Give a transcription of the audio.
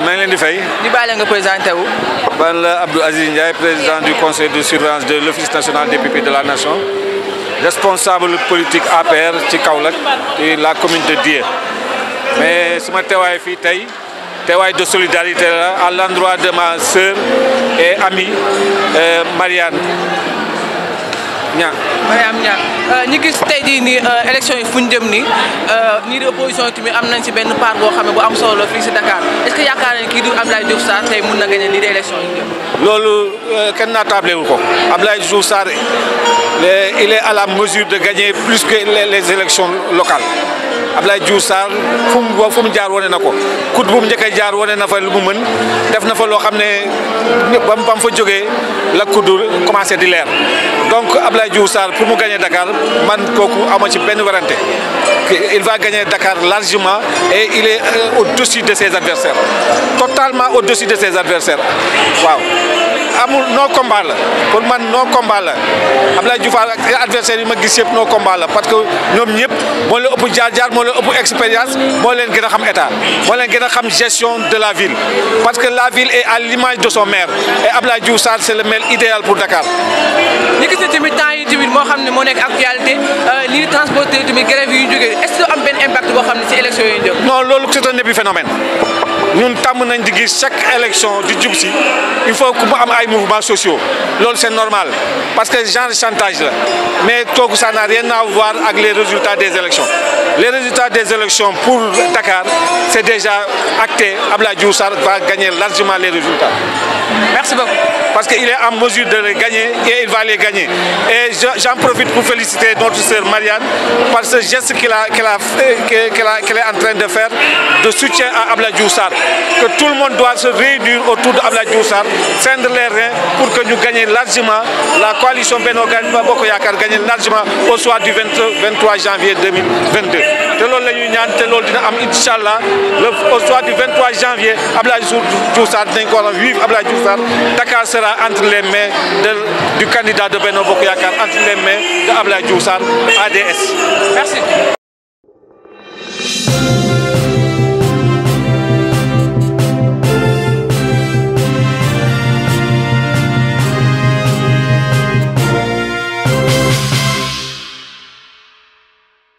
maa ngi leen di fay. di baale nga présenté wu. man la Abdou Aziz Ndiaye président du conseil de surveillance de l'office national des pupilles de la nation responsable politique APR ci Kaolack ci la commune de Dié mais suma teewaay fii tey teewaay de solidarité la à l'endroit de ma sœur et amie euh, Marianne. ñàkk Mariam ñàkk euh, ñi gis tey jii nii euh, élection yi fu ñu jëm nii euh, ñii di opposition tamit am nañ ci benn part boo xam ne bu am solo fii ci Dakar est-ce que yaakaar nañ kii di Abdoulaye Diouf Sarr tey mun na gagner lii di élection yi loolu kenn naa tablé wu ko Abdoulaye Diouf Sarr il est à la mesure de gagner plus que les élections locales Abdoulaye Diouf Sarr fu mu jaar wane na ko kut bu mu njëkk jaar wane na fa lu mu mën def na fa loo xam ne ba mu fa jógee la kudd commencé di leer donc Abdoulaye Diouf Sarr pour mu gagner Dakar man kooku ama ci benn werante il va gagner Dakar largement et il est euh, au-dessus de ses adversaires totalement au-dessus de ses adversaires waaw amul non combat la pour man non combat la Abdoulaye Diouf adversaire yi ma gis yëpp non combat la parce que ñoom ñëpp moo leen ëpp jaar-jaar moo leen ëpp expérience moo leen gën a xam état moo leen gën a xam gestion de la ville parce que la ville est à l'image de son maire et Abdoulaye Diouf Sarr c'est idéal pour Dakar. ñu gis ne tamit temps yi tamit moo xam ne moo nekk actualité euh, lii transporteur tamit grève yi ñu est que am benn impact boo xam ne ci élection yi ñun tàmm nañ di gis chaque élection di jub il faut que mu am ay mouvements sociaux loolu c'est normal parce que genre chantage la mais kooku ça n'a rien à voir ak les résultats des élections les résultats des élections pour Dakar c'est déjà acté Abdoulaye Diouf Sarr va gagner largement les résultats merci beaucoup parce qu'il est en mesure de les gagner et il va les gagner et j'en profite pour féliciter notre sœur Marianne par ce geste qu'elle est en train de faire de soutien à Abdoulaye Diouf Sarr que tout le monde doit se réunir autour d'Abdoulaye Diouf Sarr, cendre les reins pour que nous gagnions largement, la coalition Benno Bokk Yaakaar gagne largement au soir du 20, 23 janvier 2022. te loolu la ñuy ñaan te loolu dina am incha allah le au soir du janvier Abdoulaye Diouf a vivre Abdoulaye Diouf Sarr Dakar sera entre les mains de, du candidat de Benno Bokk Yaakaar entre les mains de Abdoulaye Diouf ADS.